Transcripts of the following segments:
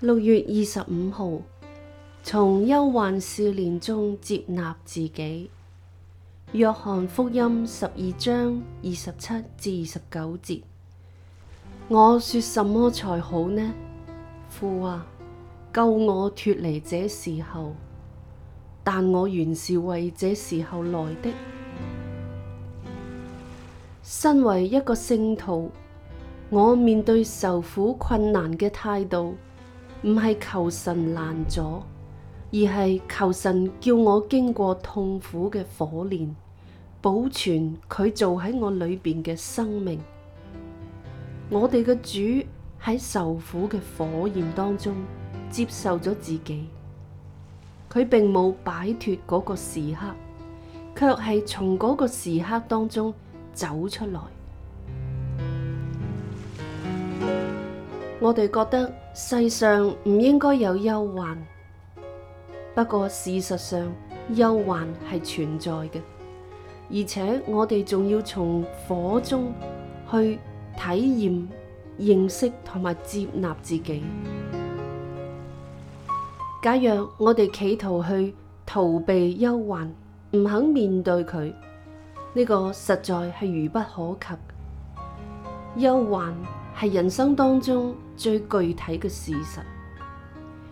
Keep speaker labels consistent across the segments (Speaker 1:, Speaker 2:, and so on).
Speaker 1: 六月二十五號，從憂患少年中接納自己。約翰福音十二章二十七至二十九節：我說什麼才好呢？父啊，救我脫離這時候，但我原是為這時候來的。身為一個聖徒，我面對受苦困難嘅態度。唔係求神攔阻，而係求神叫我經過痛苦嘅火煉，保存佢做喺我裏面嘅生命。我哋嘅主喺受苦嘅火焰當中接受咗自己，佢並冇擺脫嗰個時刻，卻係從嗰個時刻當中走出來。我哋覺得。世上唔應該有憂患，不過事實上憂患係存在嘅，而且我哋仲要從火中去體驗、認識同埋接納自己。假若我哋企圖去逃避憂患，唔肯面對佢，呢、這個實在係愚不可及。憂患。係人生當中最具體嘅事實。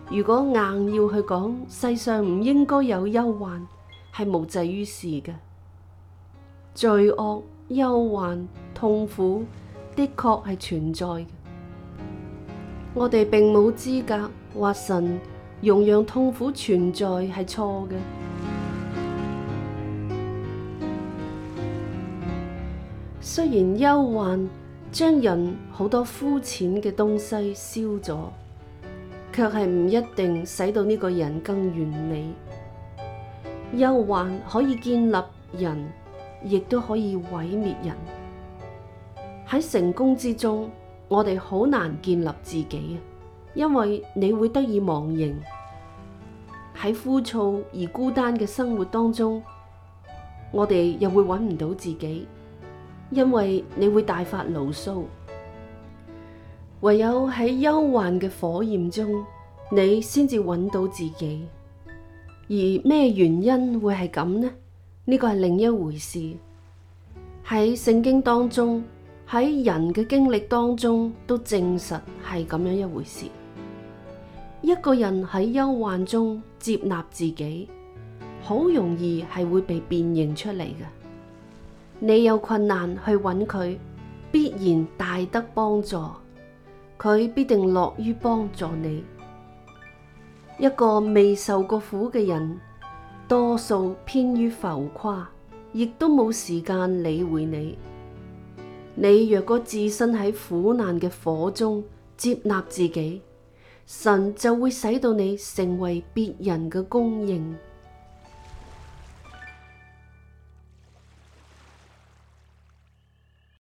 Speaker 1: 如果硬要去講，世上唔應該有憂患，係無濟於事嘅。罪惡、憂患、痛苦的確係存在嘅。我哋並冇資格話神容讓痛苦存在係錯嘅。雖然憂患。將人好多膚淺嘅東西燒咗，卻係唔一定使到呢個人更完美。憂患可以建立人，亦都可以毀滅人。喺成功之中，我哋好難建立自己啊，因為你會得意忘形。喺枯燥而孤單嘅生活當中，我哋又會揾唔到自己。因為你會大發牢騷，唯有喺憂患嘅火焰中，你先至揾到自己。而咩原因會係咁呢？呢個係另一回事。喺聖經當中，喺人嘅經歷當中，都證實係咁樣一回事。一個人喺憂患中接納自己，好容易係會被辨認出嚟嘅。你有困難去揾佢，必然大得幫助，佢必定樂於幫助你。一個未受過苦嘅人，多數偏於浮誇，亦都冇時間理會你。你若果置身喺苦難嘅火中接納自己，神就會使到你成為別人嘅供應。